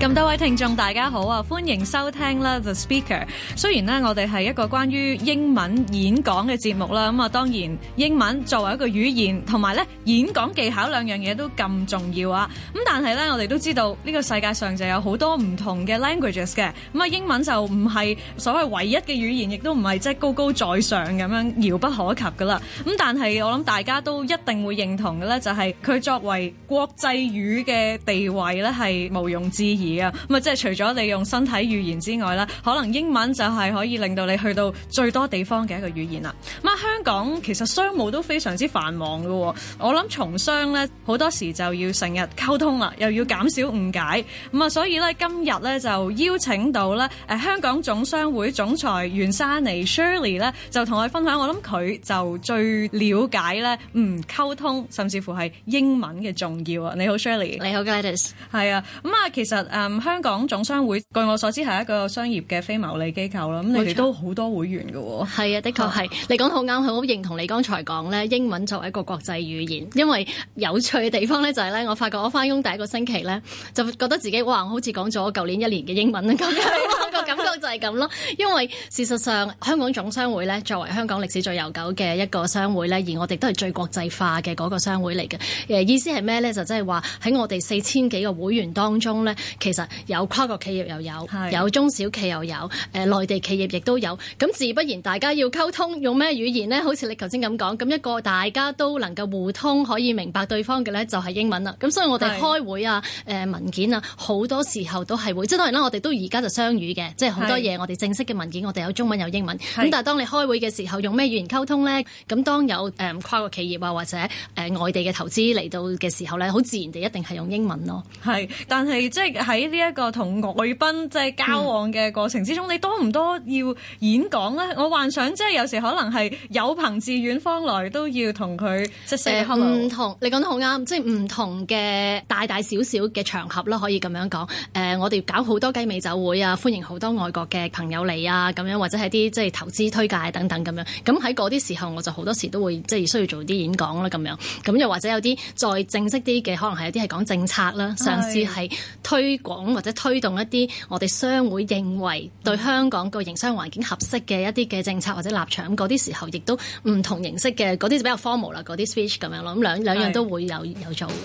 咁多位聽眾，大家好啊！歡迎收聽啦，The Speaker。雖然咧，我哋係一個關於英文演講嘅節目啦，咁啊，當然英文作為一個語言，同埋咧演講技巧兩樣嘢都咁重要啊。咁但係咧，我哋都知道呢個世界上就有好多唔同嘅 languages 嘅，咁啊，英文就唔係所謂唯一嘅語言，亦都唔係即係高高在上咁樣遙不可及噶啦。咁但係我諗大家都一定會認同嘅咧，就係佢作為國際語嘅地位咧，係毋庸置疑。啊，咁啊，即係除咗利用身體語言之外咧，可能英文就係可以令到你去到最多地方嘅一個語言啦。咁啊，香港其實商務都非常之繁忙嘅，哦，我諗從商咧好多時就要成日溝通啦，又要減少誤解。咁啊，所以咧今日咧就邀請到咧誒香港總商會總裁袁莎妮 Shirley 咧，就同我分享。我諗佢就最了解咧，嗯溝通甚至乎係英文嘅重要啊。你好 Shirley，你好 Gladys，係啊。咁啊，其實誒。嗯、香港總商會據我所知係一個商業嘅非牟利機構咯，咁錯你哋都好多會員嘅喎、哦。係啊的， 的確係。你講得好啱，我好認同你剛才講呢英文作為一個國際語言，因為有趣嘅地方呢，就係呢。我發覺我返工第一個星期呢，就覺得自己哇，我好似講咗舊年一年嘅英文咁樣，個 感覺就係咁咯。因為事實上香港總商會呢，作為香港歷史最悠久嘅一個商會呢，而我哋都係最國際化嘅嗰個商會嚟嘅。誒意思係咩呢？就即係話喺我哋四千幾個會員當中呢，其實有跨國企業又有，是有中小企又有，誒、呃、內地企業亦都有，咁自不然大家要溝通用咩語言呢？好似你頭先咁講，咁一個大家都能夠互通可以明白對方嘅呢就係英文啦。咁所以我哋開會啊，誒是、呃、文件啊，好多時候都係會，即係當然啦，我哋都而家就雙語嘅，即係好多嘢我哋正式嘅文件我哋有中文有英文。咁是但係當你開會嘅時候用咩語言溝通呢？咁當有誒、呃、跨國企業啊或者誒外地嘅投資嚟到嘅時候呢，好自然地一定係用英文咯。係，但係即係喺呢一個同外賓即係交往嘅過程之中，嗯、你多唔多要演講咧？我幻想即係有時可能係有朋自遠方來，都要同佢即係唔同。你講得好啱，即係唔同嘅大大小小嘅場合啦，可以咁樣講。誒、呃，我哋搞好多雞尾酒會啊，歡迎好多外國嘅朋友嚟啊，咁樣或者係啲即係投資推介等等咁樣。咁喺嗰啲時候，我就好多時都會即係需要做啲演講啦，咁樣。咁又或者有啲再正式啲嘅，可能係有啲係講政策啦，嘗試係推講或者推動一啲我哋商會認為對香港個營商環境合適嘅一啲嘅政策或者立場，嗰啲時候亦都唔同形式嘅，嗰啲就比較 formal 啦，嗰啲 speech 咁樣咯，咁兩兩樣都會有的有做。有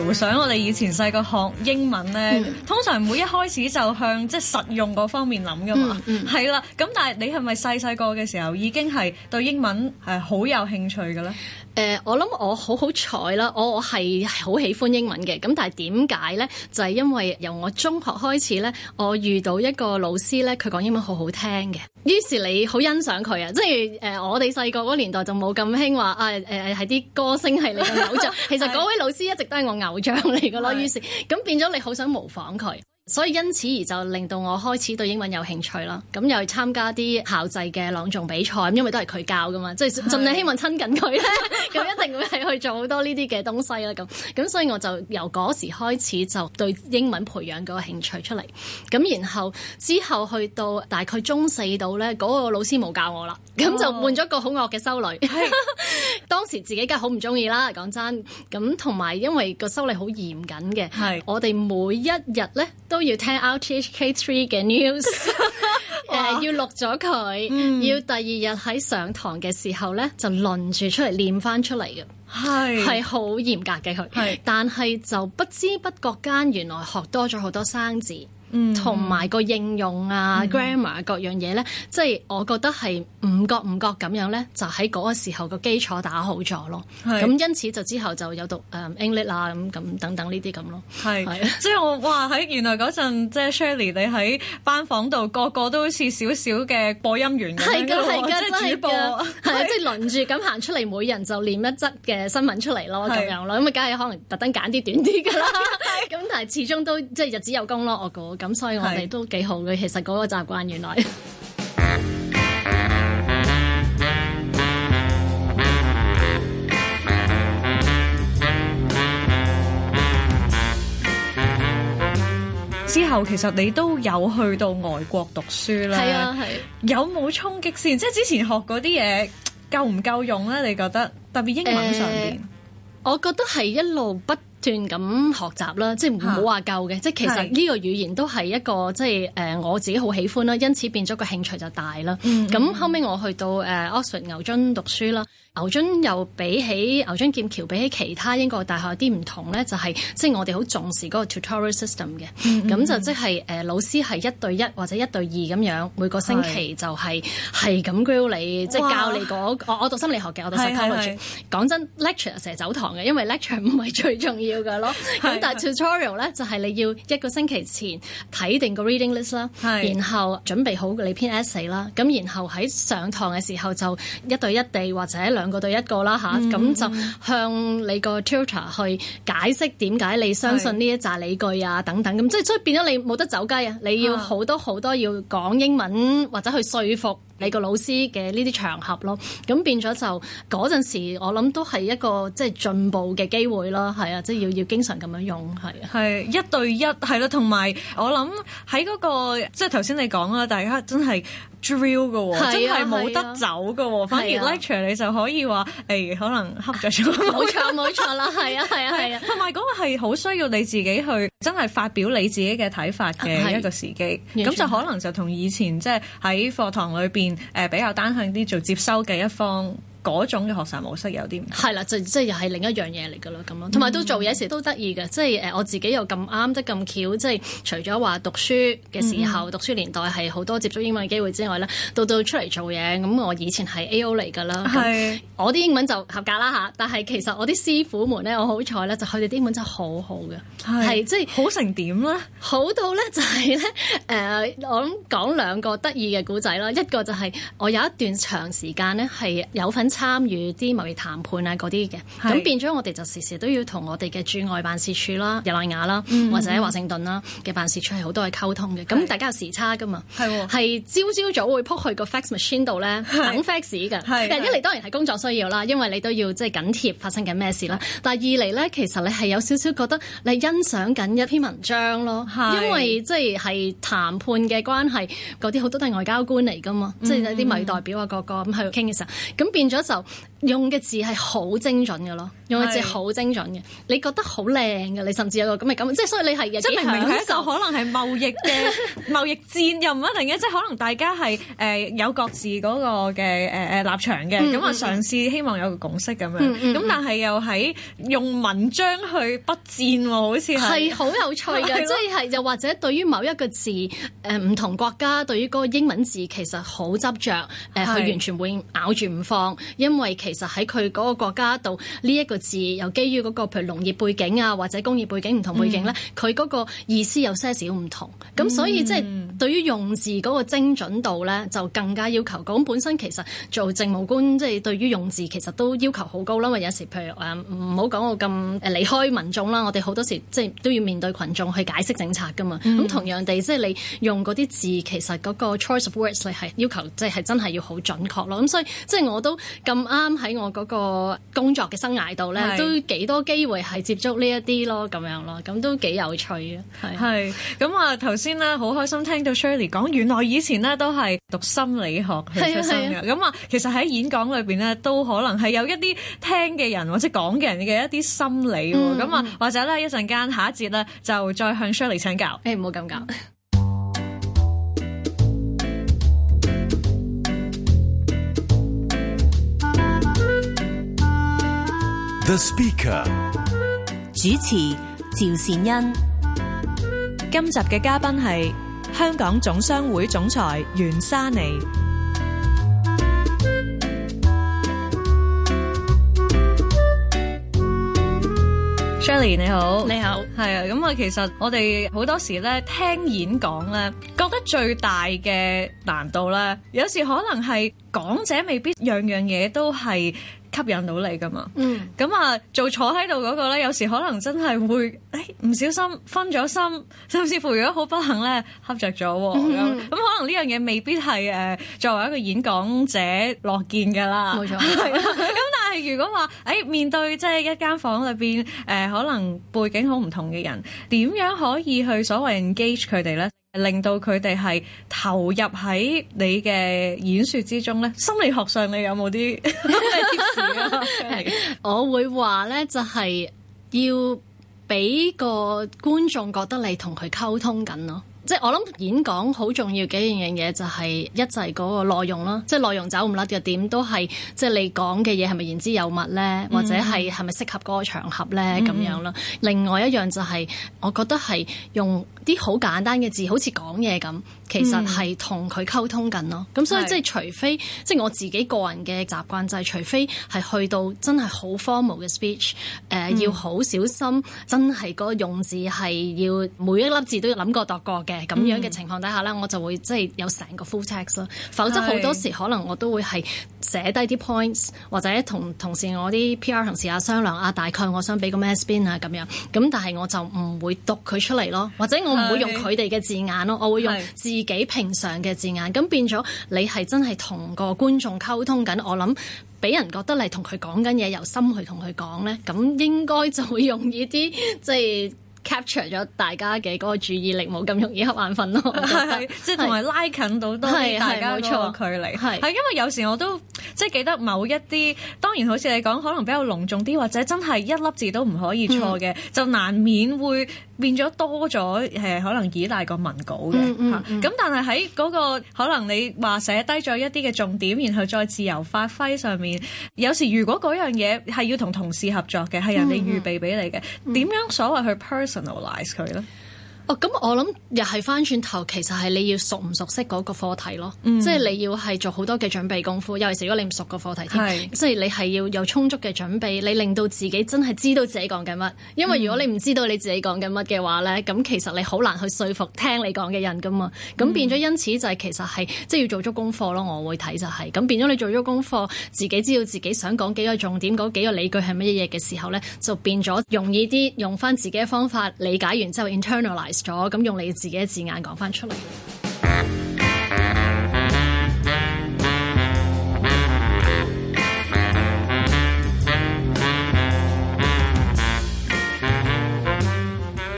回想我哋以前細個學英文呢，嗯、通常唔會一開始就向即係、就是、實用嗰方面諗噶嘛，係啦、嗯。咁、嗯、但係你係咪細細個嘅時候已經係對英文係好有興趣嘅呢？我諗我好好彩啦，我我係好喜歡英文嘅。咁但係點解呢？就係、是、因為由我中學開始呢，我遇到一個老師呢，佢講英文好好聽嘅。於是你好欣賞佢啊，即係誒，呃、我哋細個嗰年代就冇咁興話啊，誒，係啲歌星係你嘅偶像， 其實嗰位老師一直都係我偶像嚟㗎咯。 於是咁變咗你好想模仿佢。所以因此而就令到我開始對英文有興趣啦，咁又去參加啲校際嘅朗誦比賽，因為都係佢教噶嘛，即係盡量希望親近佢咧，咁 一定會係去做好多呢啲嘅東西啦，咁咁所以我就由嗰時開始就對英文培養個興趣出嚟，咁然後之後去到大概中四度咧，嗰、嗰個老師冇教我啦。咁就換咗個好惡嘅修女，oh. 當時自己梗係好唔中意啦。講真，咁同埋因為個修女好嚴謹嘅，是我哋每一日咧都要聽 RTHK Three 嘅 news，誒要錄咗佢，嗯、要第二日喺上堂嘅時候咧就輪住出嚟唸翻出嚟嘅，係係好嚴格嘅佢，是但係就不知不覺間原來學多咗好多生字。同埋個應用啊、grammar 各樣嘢咧，即係我覺得係唔覺唔覺咁樣咧，就喺嗰個時候個基礎打好咗咯。咁因此就之後就有讀誒 English 啊，咁咁等等呢啲咁咯。係，所以我哇喺原來嗰陣即係 Shirley 你喺班房度個個都好似少少嘅播音員咁樣即係主播，係啊，即係輪住咁行出嚟，每人就念一則嘅新聞出嚟咯，咁樣咯。咁啊，梗係可能特登揀啲短啲㗎啦。咁但係始終都即係日子有功咯，我估。咁所以我哋都幾好嘅，其實嗰個習慣原來 之後其實你都有去到外國讀書啦，係啊係。有冇衝擊先？即係之前學嗰啲嘢夠唔夠用咧？你覺得特別英文上面，欸？我覺得係一路不。斷咁學習啦，即係唔好話夠嘅，啊、即係其實呢個語言都係一個即係誒、呃、我自己好喜歡啦，因此變咗個興趣就大啦。咁、嗯嗯嗯、後尾我去到誒 Oxford 牛津讀書啦。牛津又比起牛津劍橋比起其他英國大學有啲唔同咧，就係即係我哋好重視個 tutorial system 嘅，咁、mm hmm. 就即係誒、呃、老師係一對一或者一對二咁樣，每個星期就係係咁 guide 你，即係是、就是、教你嗰、那個、哇我我讀心理學嘅，我讀 psychology。講真 lecture 成日走堂嘅，因為 lecture 唔係最重要嘅咯。咁是但係 tutorial 咧是就係你要一個星期前睇定個 reading list 啦是，然後準備好你篇 essay 啦，咁然後喺上堂嘅時，時候就一對一，對一地或者一兩個對一個啦吓？咁、嗯、就向你個 tutor 去解釋點解你相信呢一紮理據啊是等等，咁即係即係變咗你冇得走雞啊！你要好多好多要講英文或者去說服。你個老師嘅呢啲場合咯，咁變咗就嗰陣時，我諗都係一個即係進步嘅機會咯，係啊，即係要要經常咁樣用，係啊，係一對一，係咯，同埋我諗喺嗰個即係頭先你講啦，大家真係 drill 嘅，啊、真係冇得走嘅，啊啊、反而 lecture 你就可以話誒、欸，可能恰咗 錯，冇 錯冇錯啦，係啊係啊係啊，同埋嗰個係好需要你自己去真係發表你自己嘅睇法嘅一個時機，咁就可能就同以前即係喺課堂裏邊。誒，比較單向啲做接收嘅一方。嗰種嘅學習模式有啲唔同，係啦，就即、是、係又係另一樣嘢嚟㗎啦，咁樣，同埋都做嘢時都得意嘅，即係誒我自己又咁啱得咁巧，即係、就是、除咗話讀書嘅時候，嗯、讀書年代係好多接觸英文嘅機會之外咧，到到出嚟做嘢，咁我以前係 A.O. 嚟㗎啦，是我啲英文就合格啦吓。但係其實我啲師傅們咧，我好彩咧，就佢哋啲英文真係好好嘅，係即係好成點啦。好到咧就係咧誒，我諗講兩個得意嘅古仔啦，一個就係我有一段長時間咧係有份。參與啲貿易談判啊嗰啲嘅，咁變咗我哋就時時都要同我哋嘅駐外辦事處啦、日內瓦啦，或者喺華盛頓啦嘅辦事處係好多嘅溝通嘅，咁大家有時差噶嘛，係喎，係朝朝早會撲去個 fax machine 度咧等 fax 嘅。但係，一嚟當然係工作需要啦，因為你都要即係緊貼發生緊咩事啦，但係二嚟咧其實你係有少少覺得你欣賞緊一篇文章咯，因為即係係談判嘅關係，嗰啲好多都係外交官嚟㗎嘛，即係啲貿易代表啊個個咁去傾嘅時候，咁變咗。就用嘅字係好精準嘅咯，用嘅字好精準嘅，是你覺得好靚嘅，你甚至有個咁嘅感，即係所以你係即明明顯就可能係貿易嘅貿 易戰，又唔一定嘅，即係可能大家係誒、呃、有各自嗰個嘅誒誒立場嘅，咁啊嘗試希望有個共識咁樣，咁、嗯嗯嗯、但係又喺用文章去筆戰，好似係係好有趣嘅， 了即係又或者對於某一個字，誒、呃、唔同國家對於嗰個英文字其實好執着，誒、呃、佢、呃、完全會咬住唔放。因為其實喺佢嗰個國家度，呢、這、一個字又基於嗰、那個譬如農業背景啊，或者工業背景唔同背景咧，佢嗰個意思有些少唔同。咁、mm. 所以即係對於用字嗰個精準度咧，就更加要求高。咁本身其實做政務官即係、就是、對於用字其實都要求好高啦。因為有時譬如誒唔好講我咁離開民眾啦，我哋好多時即係都要面對群眾去解釋政策㗎嘛。咁、mm. 同樣地，即係你用嗰啲字，其實嗰個 choice of words 你係要求即係真係要好準確咯。咁所以即係我都。咁啱喺我嗰個工作嘅生涯度咧，是都幾多機會係接觸呢一啲咯，咁樣咯，咁都幾有趣嘅。係，咁啊頭先咧，好開心聽到 Shirley 講，原來以前咧都係讀心理學嘅出身嘅。咁啊，啊，啊，其實喺演講裏邊咧，都可能係有一啲聽嘅人或者講嘅人嘅一啲心理喎。咁、嗯嗯、啊，或者咧一陣間下一節咧就再向 Shirley 請教。誒、欸，唔好咁講。The Speaker，主持趙善恩，今集嘅嘉賓係香港總商會總裁袁莎妮。Shirley 你好， 你好，係啊，咁啊，其實我哋好多時咧聽演講咧，覺得最大嘅難度咧，有時可能係講者未必樣樣嘢都係。吸引到你㗎嘛？嗯，咁啊，做坐喺度嗰個咧，有時可能真係會，誒唔小心分咗心，甚至乎如果好不幸咧，瞌着咗咁，咁、嗯嗯、可能呢樣嘢未必係誒、呃、作為一個演講者樂見㗎啦，冇錯。咁 但係如果話，誒面對即係、就是、一間房裏邊，誒、呃、可能背景好唔同嘅人，點樣可以去所謂 engage 佢哋咧？令到佢哋係投入喺你嘅演說之中咧，心理學上你有冇啲 心理提示啊？Okay. 我會話咧，就係要俾個觀眾覺得你同佢溝通緊咯。即係我諗演講好重要幾樣嘢，就係一係嗰個內容啦。即係內容走唔甩嘅，點，都係即係你講嘅嘢係咪言之有物咧，或者係係咪適合嗰個場合咧咁、嗯、樣咯。另外一樣就係、是、我覺得係用啲好簡單嘅字，好似講嘢咁。其實係同佢溝通緊咯，咁、嗯、所以即係除非是即係我自己個人嘅習慣就係，除非係去到真係好 formal 嘅 speech，誒、呃嗯、要好小心，真係個用字係要每一粒字都要諗過度過嘅，咁樣嘅情況底下咧，嗯、我就會即係有成個 full text 咯，否則好多時可能我都會係。寫低啲 points，或者同同事我啲 PR 同事啊商量啊，大概我想俾個 mass spin 啊咁樣，咁但係我就唔會讀佢出嚟咯，或者我唔會用佢哋嘅字眼咯，的我會用自己平常嘅字眼，咁的變咗你係真係同個觀眾溝通緊，我諗俾人覺得你同佢講緊嘢，由心去同佢講咧，咁應該就會用依啲即係。就是 capture 咗大家嘅嗰個注意力，冇咁容易瞌眼瞓咯、啊，係、 嗯、即係同埋拉近到多啲大家個距離，係係因為有時我都即係記得某一啲是當然好似你講，可能比較隆重啲或者真係一粒字都唔可以錯嘅，嗯、就難免會。變咗多咗係可能依賴個文稿嘅，咁、mm, mm, mm. 但係喺嗰個可能你話寫低咗一啲嘅重點，然後再自由發揮上面，有時如果嗰樣嘢係要同同事合作嘅，係人哋預備俾你嘅，點、mm, mm. 樣所謂去 personalize 佢咧？哦，咁我諗又係翻轉頭，其實係你要熟唔熟悉嗰個課題咯，嗯、即係你要係做好多嘅準備功夫，尤其是如果你唔熟個課題，是即係你係要有充足嘅準備，你令到自己真係知道自己講緊乜，因為如果你唔知道你自己講緊乜嘅話咧，咁、嗯、其實你好難去說服聽你講嘅人噶嘛，咁、嗯、變咗因此就係、是、其實係即係要做足功課咯。我會睇就係、是，咁變咗你做足功課，自己知道自己想講幾個重點，嗰幾個理據係乜嘢嘅時候咧，就變咗容易啲用翻自己嘅方法理解完之後 internalize。Internal 咗咁，用你自己嘅字眼講翻出嚟。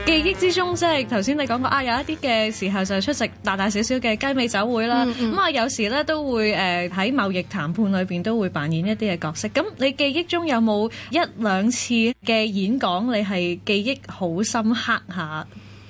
記憶之中即係頭先你講過，啊，有一啲嘅時候就出席大大小小嘅雞尾酒會啦。咁啊、嗯嗯、嗯、我有時咧都會誒喺貿易談判裏邊都會扮演一啲嘅角色。咁你記憶中有冇一兩次嘅演講，你係記憶好深刻下？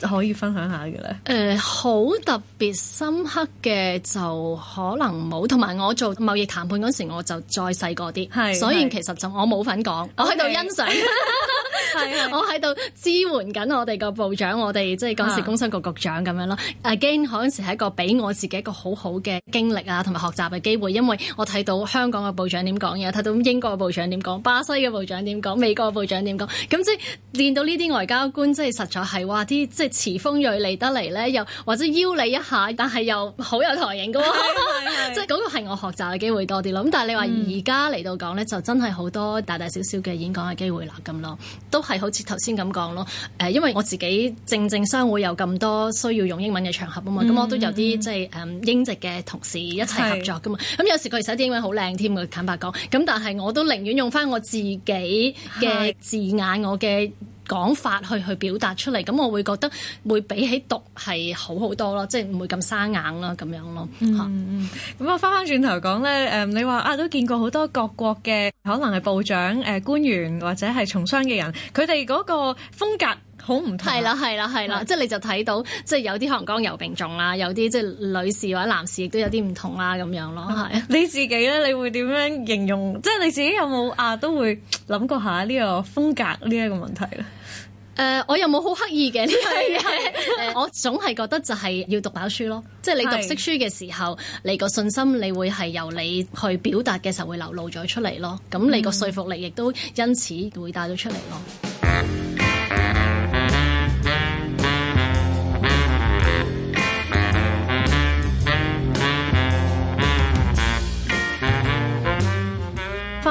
可以分享下嘅咧？誒，好特別。特別深刻嘅就可能冇，同埋我做貿易談判嗰時，我就再細個啲，所以其實就我冇份講，我喺度欣賞，我喺度支援緊我哋個部長，我哋即係嗰時工商局局長咁樣咯。Again，嗰陣時係一個俾我自己一個好好嘅經歷啊，同埋學習嘅機會，因為我睇到香港嘅部長點講嘢，睇到英國嘅部長點講，巴西嘅部長點講，美國嘅部長點講，咁即係見到呢啲外交官，即係實在係話啲即係詞鋒鋭利得嚟咧，又或者邀你一。但係又好有台型㗎喎，即係嗰個係我學習嘅機會多啲咯。咁但係你話而家嚟到講咧，嗯、就真係好多大大小小嘅演講嘅機會啦，咁咯，都係好似頭先咁講咯。誒，因為我自己正正商會有咁多需要用英文嘅場合啊嘛，咁、嗯、我都有啲即係誒英籍嘅同事一齊合作噶嘛。咁是有時佢哋寫啲英文好靚添嘅坦白講，咁但係我都寧願用翻我自己嘅字眼，是我嘅。講法去去表達出嚟，咁我會覺得會比起讀係好好多咯，即係唔會咁生硬啦咁樣咯。嗯嗯，咁、啊嗯、我返返轉頭講咧，誒你話啊都見過好多各國嘅可能係部長、誒、呃、官員或者係從商嘅人，佢哋嗰個風格。好唔同，啊，係啦，係啦，係啦，的即係你就睇到，即係有啲可能剛柔並重啊，有啲即係女士或者男士亦都有啲唔同啊，咁樣咯，係。你自己咧，你會點樣形容？即係你自己有冇啊？都會諗過下呢個風格呢一個問題咧。誒、呃，我又冇好刻意嘅呢樣嘢，我總係覺得就係要讀飽書咯。即係你讀識書嘅時候，的你個信心，你會係由你去表達嘅時候會流露咗出嚟咯。咁你個說服力亦都因此會帶到出嚟咯。嗯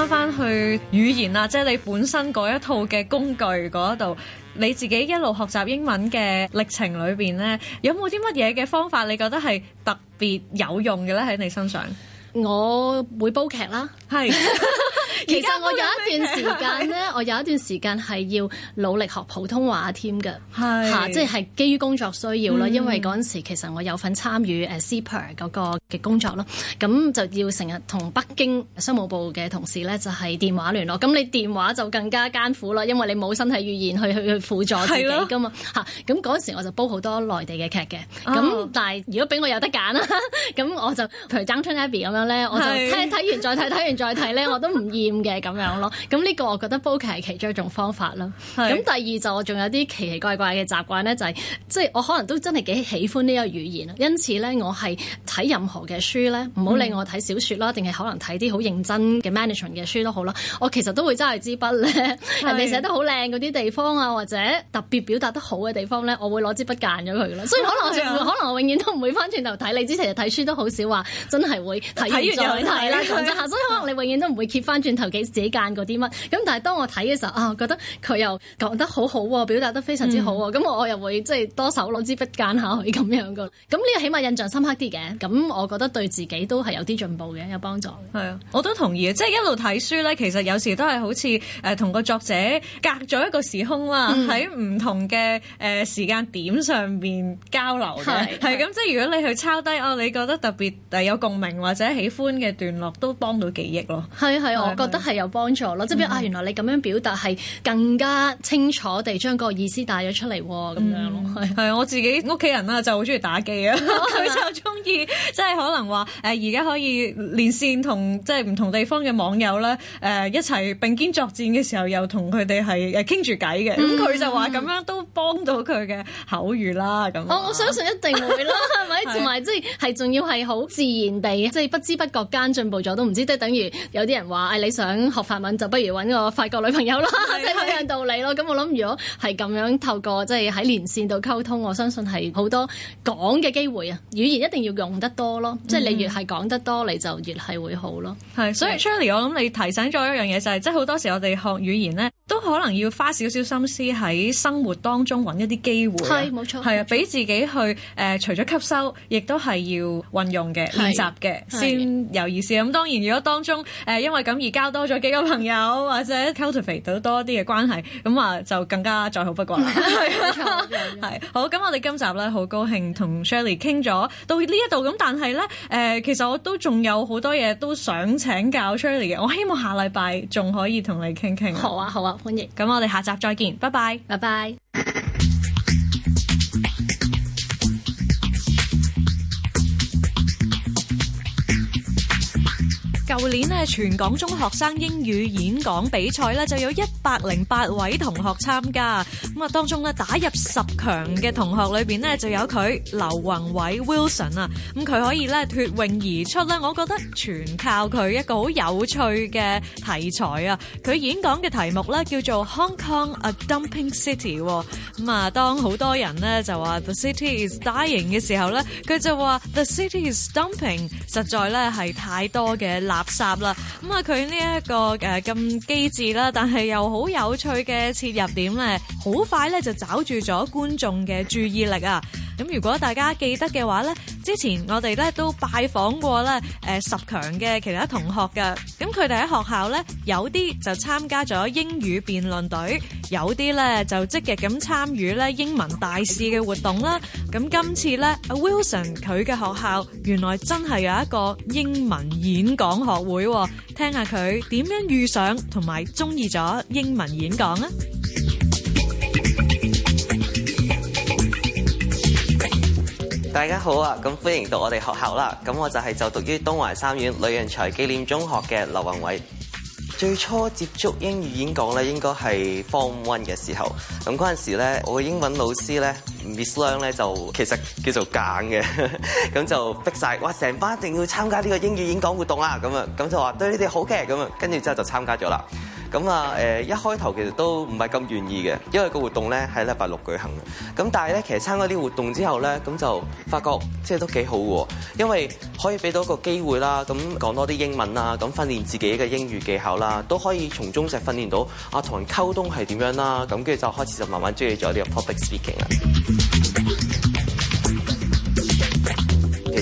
翻去語言啊，即係你本身嗰一套嘅工具嗰度，你自己一路學習英文嘅歷程裏邊咧，有冇啲乜嘢嘅方法你覺得係特別有用嘅咧？喺你身上，我會煲劇啦，係是。 其實 播 我有一段時間咧， 我有一段時間係要努力學普通話添嘅，嚇是，即係、啊就是、基於工作需要啦。嗯、因為嗰陣時其實我有份參與誒 Super 嗰、那個。工作咯，咁就要成日同北京商務部嘅同事咧，就係電話聯絡，咁你電話就更加艱苦啦，因為你冇身體語言去去去輔助自己噶嘛嚇。嗰陣是的、嗯、時我就煲好多內地嘅劇嘅。咁、哦、但係如果俾我有得揀啦，咁我就譬如《Running Man》咁樣咧，我就睇睇完再睇，睇完再睇咧，是的 我都唔厭嘅咁樣咯。咁呢個我覺得煲劇係其中一種方法啦。咁是的 第二就我仲有啲奇奇怪怪嘅習慣咧，就係即係我可能都真係幾喜歡呢一個語言啦。因此咧，我係睇任何嘅書咧，唔好理我睇小説啦，定係可能睇啲好認真嘅 management 嘅書都好啦。我其實都會揸住支筆咧，是 人哋寫得好靚嗰啲地方啊，或者特別表達得好嘅地方咧，我會攞支筆間咗佢嘅咯。所以可能我的可能我永遠都唔會翻轉頭睇。你之前日睇書都好少話，真係會睇完再睇啦 所以可能你永遠都唔會揭翻轉頭幾自己間嗰啲乜。咁但係當我睇嘅時候啊，覺得佢又講得好好喎、啊，表達得非常之好喎、啊，咁、嗯、我又會即係、就是、多手攞支筆間下佢咁樣嘅。咁呢個起碼印象深刻啲嘅。咁我。我覺得對自己都係有啲進步嘅，有幫助。係啊，我都同意即係、就是、一路睇書咧，其實有時都係好似誒同個作者隔咗一個時空啦，喺唔、嗯、同嘅誒時間點上面交流嘅。係咁，即係如果你去抄低哦，你覺得特別有共鳴或者喜歡嘅段落，都幫到記憶咯。係啊，係啊，我覺得係有幫助咯。的即係啊，原來你咁樣表達係更加清楚地將個意思帶咗出嚟喎，咁、嗯、樣咯。係我自己屋企人啦就好中意打機啊，佢、嗯、 就中意即係。就是就是可能話誒，而家可以連線同即係唔同地方嘅網友咧，誒一齊並肩作戰嘅時候又，又同佢哋係誒傾住偈嘅。咁佢就話咁樣都幫到佢嘅口語啦。咁、嗯，樣我我相信一定會啦，係咪？同埋即係係仲要係好自然地，即、就、係、是、不知不覺間進步咗都唔知。即係等於有啲人話誒、哎，你想學法文就不如搵個法國女朋友咯，是即係咁樣道理咯。咁是我諗如果係咁樣透過即係喺連線度溝通，我相信係好多講嘅機會啊，語言一定要用得多。即係你越係講得多，你就越係會好咯。係，所以 Shirley，我諗你提醒咗一樣嘢就係，即係好多時我哋學語言咧。都可能要花少少心思喺生活當中揾一啲機會，係冇錯，係啊，俾自己去誒、呃，除咗吸收，亦都係要運用嘅、練習嘅，先有意思。咁當然，如果當中誒、呃、因為咁而交多咗幾個朋友，或者 cultivate 到多啲嘅關係，咁啊就更加再好不過啦。係好。咁我哋今集咧好高興同 Shirley 傾咗到呢一度，咁但係咧誒，其實我都仲有好多嘢都想請教 Shirley 嘅。我希望下禮拜仲可以同你傾傾，啊。好啊，好啊。歡迎，咁我哋下集再見，拜拜，拜拜。舊年咧，全港中學生英語演講比賽咧，就有一百零八位同學參加，咁啊，當中咧打入十強嘅同學裏邊咧，就有佢劉宏偉 Wilson 啊，咁佢可以咧脱穎而出咧，我覺得全靠佢一個好有趣嘅題材啊，佢演講嘅題目咧叫做 Hong Kong a dumping city，咁啊，當好多人咧就話 the city is dying 嘅時候咧，佢就話 the city is dumping，實在咧係太多嘅垃。塞啦，咁啊佢呢一個誒咁機智啦，但係又好有趣嘅切入點咧，好快咧就找住咗觀眾嘅注意力啊！咁如果大家記得嘅話咧，之前我哋咧都拜訪過咧誒十強嘅其他同學嘅，咁佢哋喺學校咧有啲就參加咗英語辯論隊，有啲咧就積極咁參與咧英文大使嘅活動啦。咁今次咧，阿 Wilson 佢嘅學校原來真係有一個英文演講學會，聽下佢點樣遇上同埋中意咗英文演講啊！大家好啊！咁歡迎到我哋學校啦。咁我就係就讀於東華三院呂潤財紀念中學嘅劉宏偉。最初接觸英語演講咧，應該係 Form One 嘅時候。咁嗰陣時咧，我英文老師咧 Miss Lung 咧就其實叫做硬嘅，咁 就逼晒：「哇！成班一定要參加呢個英語演講活動啊！」咁啊，咁就話對你哋好嘅，咁啊，跟住之後就參加咗啦。咁啊誒一開頭其實都唔係咁願意嘅，因為個活動咧喺禮拜六舉行嘅。咁但係咧，其實參加啲活動之後咧，咁就發覺即係都幾好喎，因為可以俾到個機會啦，咁講多啲英文啦，咁訓練自己嘅英語技巧啦，都可以從中就訓練到啊同人溝通係點樣啦。咁跟住就開始就慢慢中意咗呢個 public speaking 啦。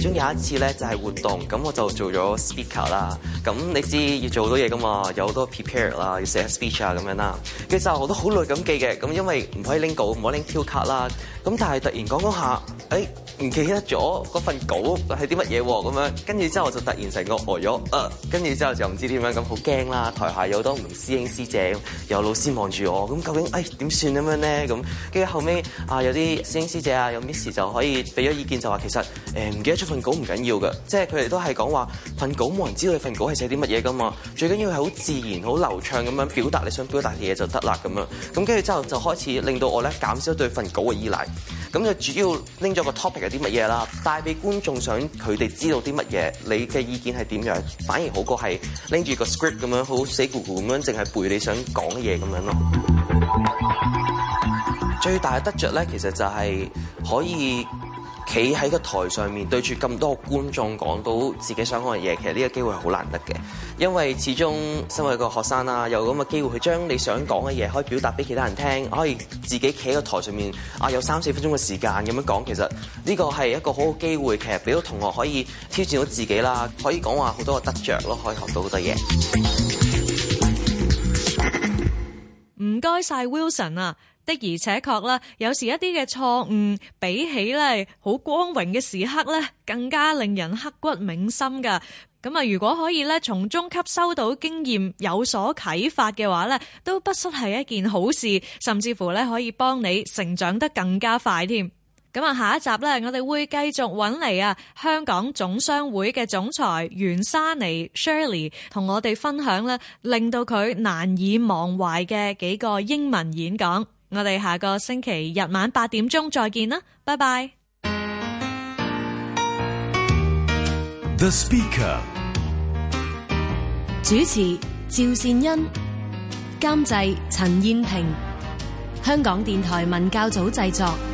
其中有一次咧就係活動，咁我就做咗 speaker 啦。咁你知要做好多嘢噶嘛，有好多 prepare 啦，要寫 speech 啊咁樣啦。其實我都好耐咁記嘅，咁因為唔可以拎稿，唔可以拎票卡啦。咁但係突然講講下，誒、欸。唔記得咗嗰份稿係啲乜嘢喎？咁樣跟住之後我就突然成個呆咗，呃，跟住之後就唔知點樣咁，好驚啦！台下有好多唔同師兄師姐，有老師望住我，咁究竟誒點算咁樣咧？咁跟住後尾，啊，有啲師兄師姐啊，有 miss 就可以俾咗意見，就話其實誒唔記得咗份稿唔緊要嘅，即係佢哋都係講話份稿冇人知道你份稿係寫啲乜嘢噶嘛，最緊要係好自然、好流暢咁樣表達你想表達嘅嘢就得啦咁樣。咁跟住之後就開始令到我咧減少對份稿嘅依賴。咁就主要拎咗個 topic 係啲乜嘢啦，帶俾觀眾想佢哋知道啲乜嘢，你嘅意見係點樣，反而好過係拎住個 script 咁樣好死咕咕咁樣，淨係背你想講嘅嘢咁樣咯。 最大嘅得着咧，其實就係可以。企喺個台上面對住咁多觀眾講到自己想講嘅嘢，其實呢個機會係好難得嘅，因為始終身為一個學生啦，有咁嘅機會去將你想講嘅嘢可以表達俾其他人聽，可以自己企喺個台上面啊，有三四分鐘嘅時間咁樣講，其實呢個係一個好好機會，其實俾到同學可以挑戰到自己啦，可以講話好多嘅得着咯，可以學到好多嘢。唔該晒 Wilson 啊！的而且確啦，有時一啲嘅錯誤比起咧好光榮嘅時刻咧，更加令人刻骨銘心嘅。咁啊，如果可以咧從中吸收到經驗，有所啟發嘅話咧，都不失係一件好事，甚至乎咧可以幫你成長得更加快添。咁啊，下一集咧，我哋會繼續搵嚟啊，香港總商會嘅總裁袁莎妮 （Shirley） 同我哋分享咧，令到佢難以忘懷嘅幾個英文演講。我哋下個星期日晚八點鐘再見啦，拜拜。The speaker 主持趙善恩，監製陳燕婷；香港電台文教組製作。